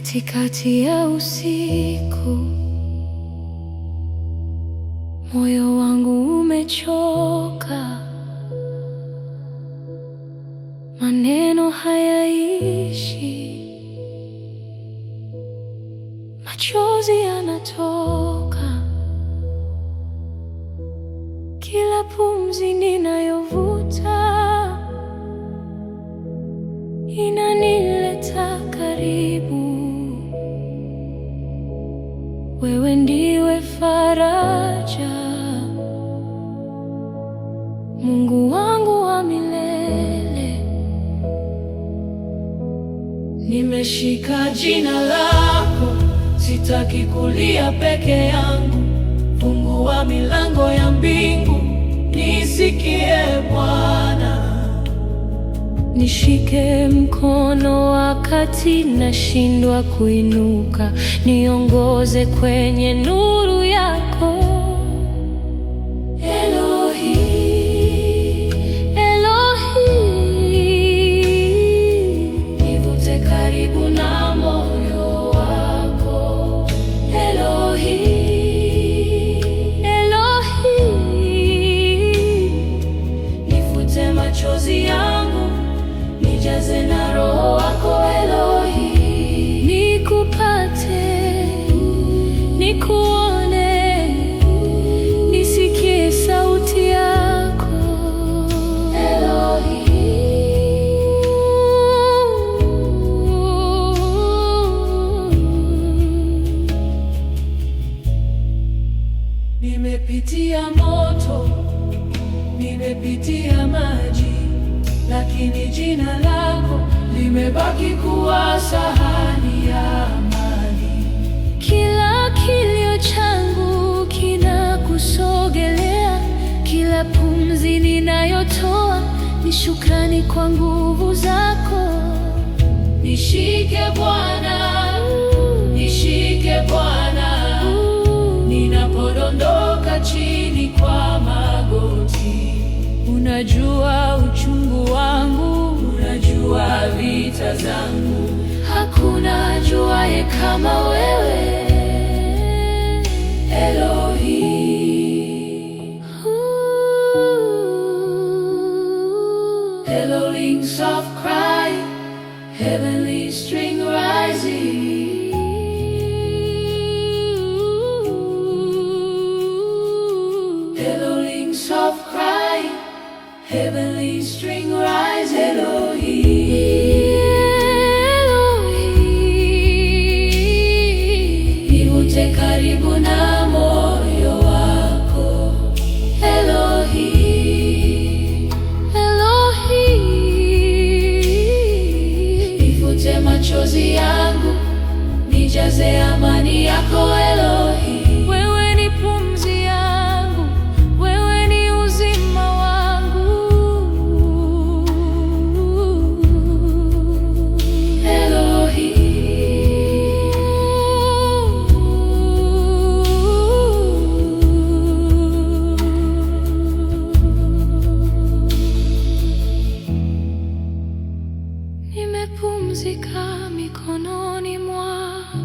Katikati ya usiku, moyo wangu umechoka, maneno hayaishi, machozi yanatoka, kila pumzi ninayovuta inanileta karibu wewe ndiwe faraja, Mungu wangu wa milele. Nimeshika jina lako, sitaki kulia peke yangu. Fungua milango ya mbingu nisikie nishike mkono wakati nashindwa kuinuka, niongoze kwenye nuru yako. nimepitia maji, lakini jina lako limebaki kuwa sahani ya amani. Kila kilio changu kinakusogelea, kila pumzi ninayotoa ni shukrani kwa nguvu zako. Nishike Bwana, nishike Bwana. Unajua uchungu wangu, unajua vita zangu, hakuna ajuaye kama wewe Elo. heavenly string rise Elohim. Elohim. karibu na moyo wako machozi yangu nijaze amani yako connais moi